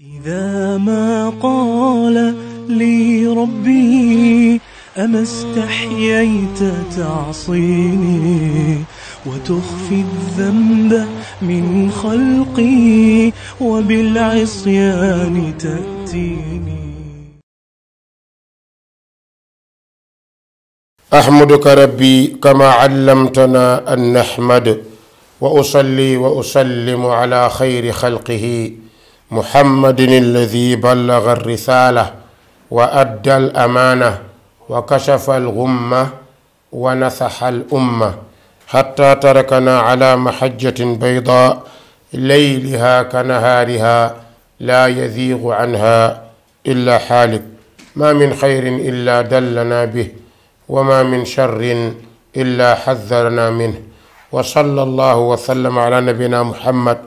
إذا ما قال لي ربي أما استحييت تعصيني وتخفي الذنب من خلقي وبالعصيان تأتيني أحمدك ربي كما علمتنا أن نحمد وأصلي وأسلم على خير خلقه محمد الذي بلغ الرسالة وأدى الأمانة وكشف الغمة ونصح الأمة حتى تركنا على محجة بيضاء ليلها كنهارها لا يزيغ عنها إلا حالك ما من خير إلا دلنا به وما من شر إلا حذرنا منه وصلى الله وسلم على نبينا محمد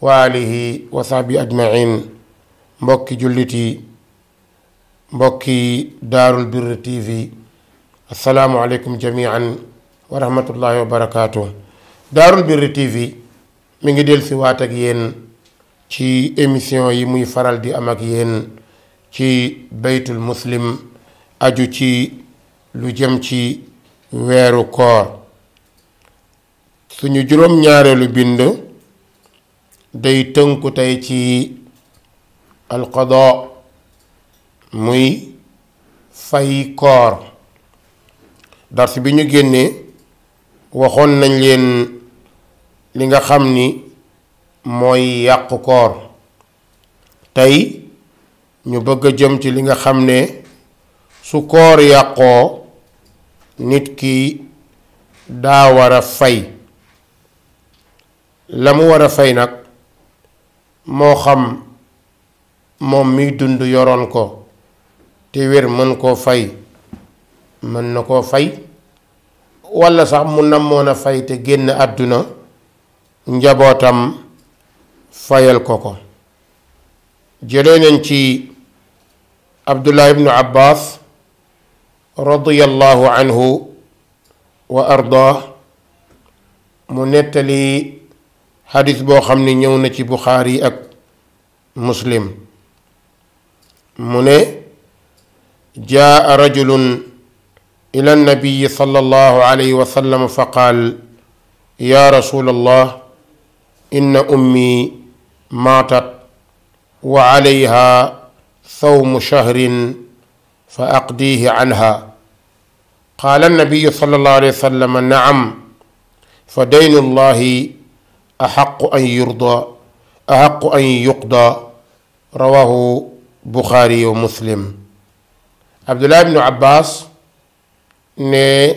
wa alihi wa sahbi ajmain mbokki jullit yi mbokki daarul birri tv assalaamu aleykum jamian wa rahmatullahi daarul birri tv mi ngi del si waat ak ci émission yi muy faral di am ak yéen ci baytul muslim aju ci lu jëm ci weeru koor suñu juróom ñaareelu bind day tënku tey ci alqada muy fay koor dars bi ñu génnee waxoon nañ leen li nga xam ni mooy yàqu koor tey ñu bëgg a jëm ci li nga xam ne su koor yàqoo nit ki daa war a fay la mu war a fay nag moo xam moom miy dund yoroon ko te wér mën koo fay mën na koo fay walla sax mu namoon a fay te génn àdduna njabootam fayal ko ko jëlee nañ ci abdullah ibnu abbas radiyallahu anhu wa ardaah mu nettali xadis boo xam ne ñëw na ci buxaari ak muslim mu ne jaa rajulun ila nabiyi sallallahu alayhi wa sallam fa qaal ya rasul allah inna ummi maatat wa alayha sawmu shahrin fa aqdihi anha qaala annabiyu sallallahu alayhi wa sallam naam fa daynu llahi axaqu an yurda axaqu an yuqda rawahu buxaari wa muslim abdullah ibnu abbas ne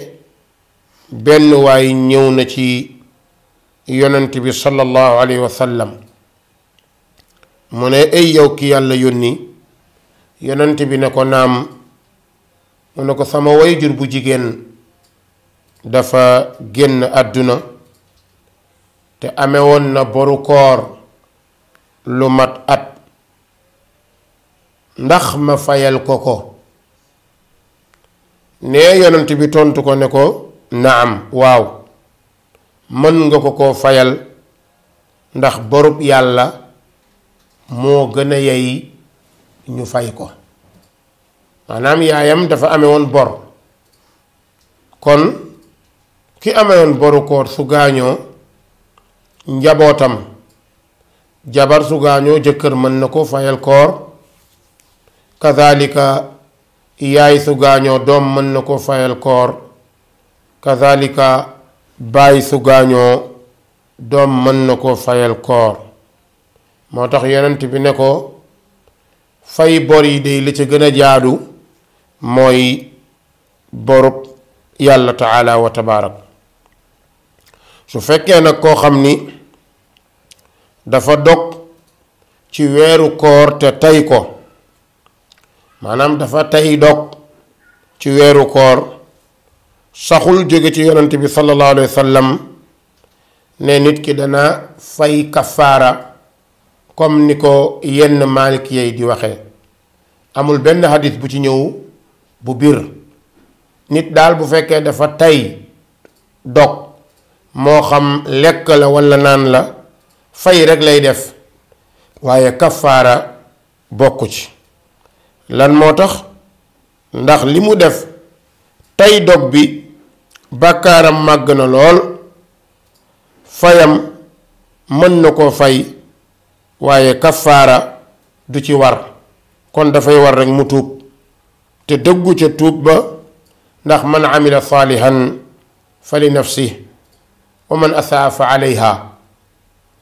benn waay ñëw na ci yonent bi sallallahu alayhi wa sallam mu ne ay yow ki yàlla yónni yonent bi ne ko naam mu ne ko sama wayjur bu jigéen dafa génn àdduna te amewoon na boru koor lu mat at ndax ma fayal ko ko nee yonent bi tontu ko ne ko naam waaw mën nga ko ko fayal ndax borub yàlla moo gën a yey ñu fay ko maanaam yaayam dafa amewoon bor kon ki amewoon boru koor su gaañoo njabootam jabar su gaañoo jëkkër mën na ko fayal koor kazalika yaay su gaañoo doom mën na ko fayal koor kazalika su gaañoo doom mën na ko fayal koor moo tax yonent bi ne ko fay bor yi day li ci gën a jaadu mooy borub yàlla taala wa su fekkee nag koo xam ni dafa dog ci weeru koor te tay ko maanaam dafa tay dog ci weeru koor saxul jóge ci yonent bi sallallahu alayhi wa ne nit ki dana fay kafaara comme ni ko yenn malik yeey di waxe amul benn hadith bu ci ñëw bu biir nit daal bu fekkee dafa tay dog moo xam lekk la walla naan la fay rekk lay def waaye kafaara bokku ci lan moo tax ndax li mu def tey dog bi bàkkaaram màgg na lool fayam mën na koo fay waaye kafaara du ci war kon dafay war rekk mu tuub te dëggu ca tuub ba ndax mën amila saalihan fa li nafsi wa man asaa fa alayha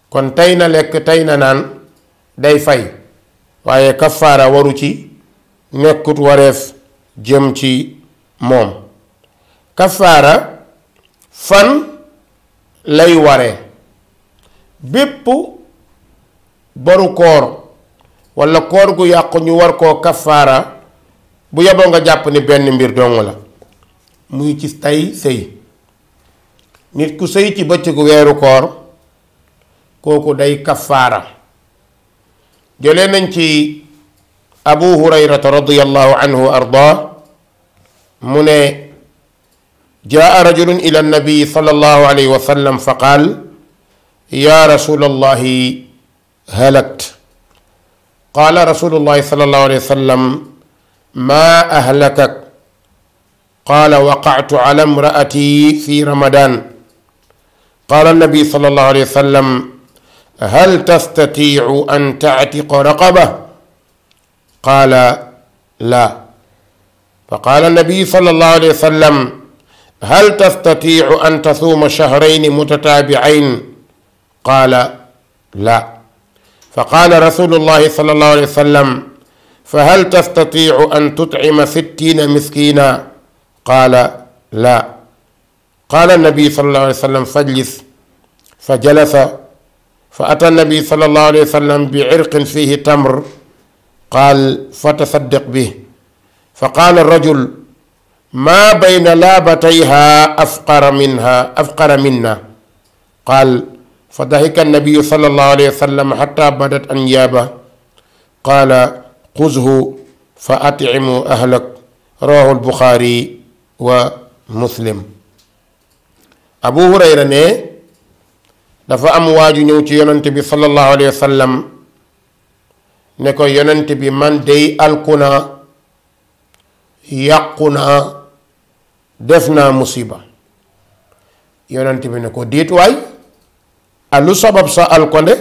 kon tey na lekk tey na naan day fay waaye kafaara waru ci nekkut wareef jëm ci moom kafaara fan lay ware bépp boru koor walla koor gu yàqu ñu war koo kafaara bu yeboo nga jàpp ni benn mbir dong la muy ci tey sëy nit ku sëy ci bëccëgu weeru koor kooku day kafaara jëlee nañ ci abu hurayrata radiyallahu anhu wa arda mu ne jaa rajulun ila annabi sallallahu alayhi wa sallam fa qaal yaa rasulallahi halakt qaala rasulullahi sallallahu alayhi wa sallam maa ahlakak qaala waqactu ala imraati fi ramadan qaala annabi sallallahu alayhi wa sallam hal tastatiu an taatiqa raqaba qaala laa fa qaala annabiyu sallallahu alayhi wa sallam hal tastatiu an tasuuma shahrayni mutataabicayn qaala laa fa qaala rasulullahi sallallahu alayhi wa sallam fa hal tastatiu an tutcima sittiina miskiina qaala laa qaala annabiyu sallallahu alayhi wa sallam fajlis fa jalasa fa ata nabi sallallahu alayhi wa sallam bi irqin fihi tamr qaal fatasaddaq bih fa qaala rajul maa bayna laabatayha afqara minha afqara minna qaal fa daxika nabiyu sallallahu alayhi wa sallam xata badat anyaaba qaala xuzhu fa atcimu ahlak rawahu lbuxaari wa muslim abu hurayra ne dafa am waa ju ñëw ci yonent bi sallallahu alayhi wa sallam ne ko yonent bi man dey alku naa yàqu naa def naa musiba yonent bi ne ko déet waay alu sabab sa alkone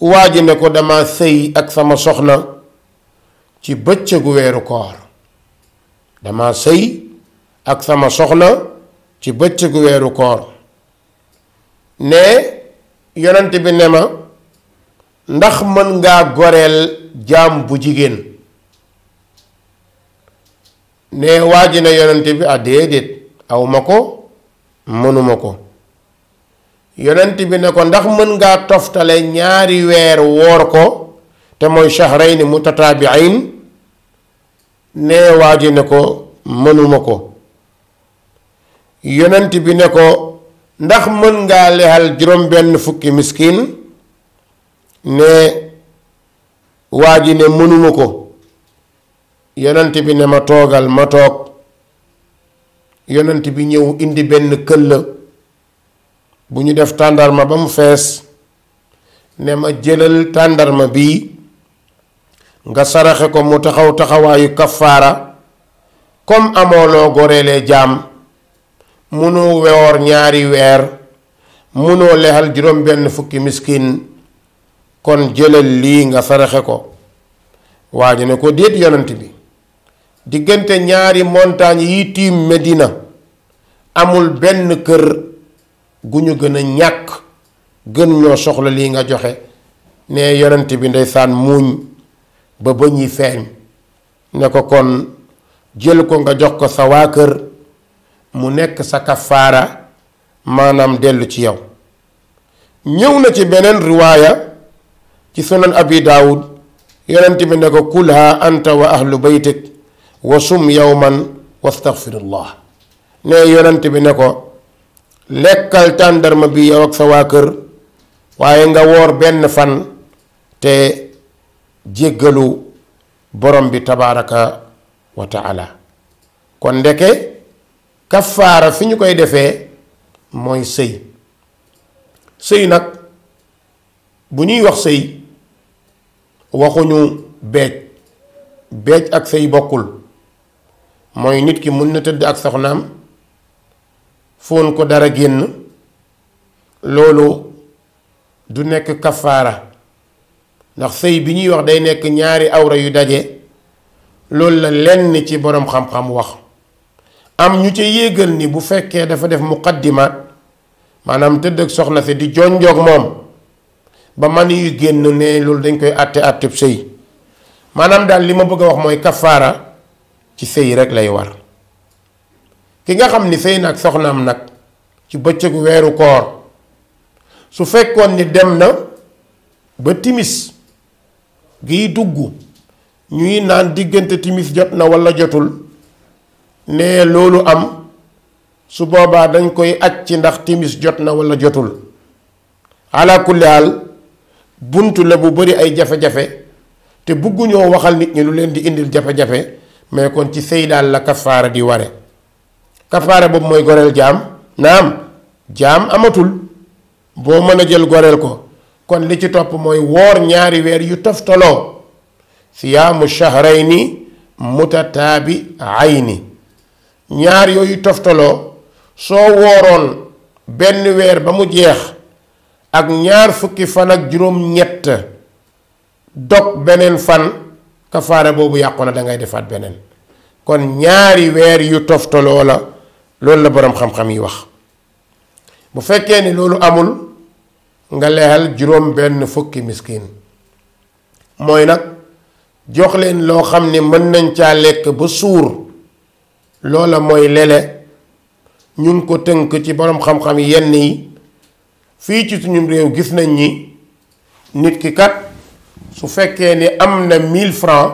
waa ji ne ko dama sëy ak sama soxna ci bëccëgu weeru koor dama sëy ak sama soxna ci bëccëgu weeru koor ne yonent bi ne ma ndax mën ngaa goreel jaam bu jigéen ne waa ji na yonent bi ah déedéet aw ko mënuma ko yonent bi ne ko ndax mën ngaa toftale ñaari weer woor ko te mooy rey shahrayni mutataabi'ayn ne waa ji ne ko mënuma ko yonent bi ne ko ndax mën nga lexal juróom benn fukki miskin ne waa ji ne mënuma ko yonent bi ne ma toogal ma toog yonent bi ñëw indi benn këll bu ñu def tàndarma ba mu fees ne ma jëlal tàndarma bii nga saraxe ko mu taxaw taxawaayu kafaara comme amooloo goreelee jaam mënoo woor ñaari weer mënoo lexal juróom benn fukki miskin kon jëlal lii nga saraxe ko waa ji ne ko déet yonent bi diggante ñaari montagne yi tiim Medina amul benn kër gu ñu gën a ñàkk gën ñoo soxla lii nga joxe ne yonent bi ndeysaan muuñ ba bëñ yi feeñ ne ko kon jël ko nga jox ko sa waa kër mu nekk sa kafaara maanaam dellu ci yow ñëw na ci beneen riwaaya ci sunan abi daawud yonent bi ne ko kulha anta wa ahlu baytik wa sum yowman wastaghfirullah ne yonent bi ne ko lekkal tàndarma bi yow ak sa waa kër waaye nga woor benn fan te jéggalu borom bi tabaaraka wa taala kon ndeke kafaara fi ñu koy defee mooy sëy sëy nag bu ñuy wax sëy waxuñu beej beej ak sëy bokkul mooy nit ki mën na tëdd ak soxnaam foon ko dara génn loolu du nekk kafaara ndax sëy bi ñuy wax day nekk ñaari awra yu daje loolu la lenn ci boroom xam-xam wax am ñu ci yéegal ni bu fekkee dafa def muqaddimaat maanaam tëdd ak soxna si di jon jonjoog moom ba man yu génn ne loolu dañ koy àtte àtteb sëy maanaam daal li ma bëgg a wax mooy kafaara ci sëy rek lay war ki nga xam ni sëy nag soxnaam nag ci bëccëgu weeru koor su fekkoon ni dem na ba timis giy dugg ñuy naan diggante timis jot na walla jotul ne loolu am su boobaa dañ koy aj ci ndax timis jot na walla jotul ala kulli bunt la bu bari ay jafe-jafe te bëgguñoo waxal nit ñi lu leen di indil jafe-jafe mais kon ci sëy daal la kafaara di ware kafaara boobu mooy goreel jaam naam jaam amatul boo mën a jël goreel ko kon li ci topp mooy woor ñaari weer yu toftaloo siyaamu shahrayni mutataabi ayni ñaar yooyu toftaloo soo wooroon benn weer ba mu jeex ak ñaar fukki fan ak juróom-ñett dog beneen fan kafaara boobu yàqu na dangay defaat beneen kon ñaari weer yu toftaloo la loolu la boroom xam-xam yi wax bu fekkee ni loolu amul nga leexal juróom benn fukki miskin mooy nag jox leen loo xam ne mën nañ caa lekk ba suur loola mooy lele ñun ko tënk ci boroom xam-xam yenn yi fii ci suñu réew gis nañ ni nit ki kat su fekkee ni am na 1000 francs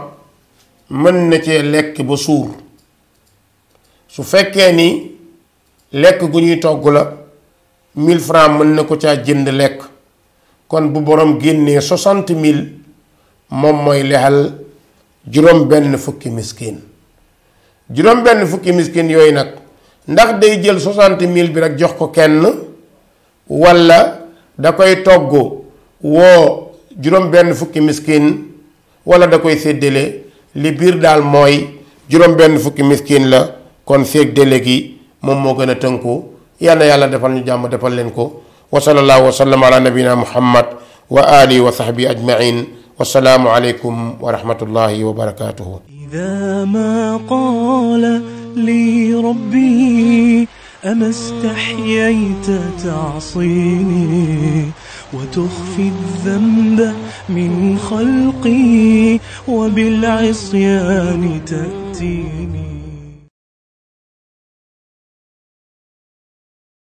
mën na cee lekk ba suur su fekkee ni lekk gu ñuy togg la 1000 francs mën na ko caa jënd lekk kon bu borom génnee 60 mille moom mooy lexal juróom benn fukki miskin juróom-benn fukki miskin yooyu nag ndax day jël soixante mille bi rek jox ko kenn walla da koy togg woo juróom-benn fukki miskin walla da koy séddale li biir daal mooy juróom-benn fukki miskin la kon seeg délé gi moom moo gën a tënku yàlla yàlla defal ñu jàmm defal leen ko wa sallallahu wa sallam ala nabina muhammad wa alihi wa sahbi ajmain wasalaamu aleykum wa rahmatullahi wa barakatuhu ذا ما قال لي ربي أما استحييت تعصيني وتخفي الذنب من خلقي وبالعصيان تأتيني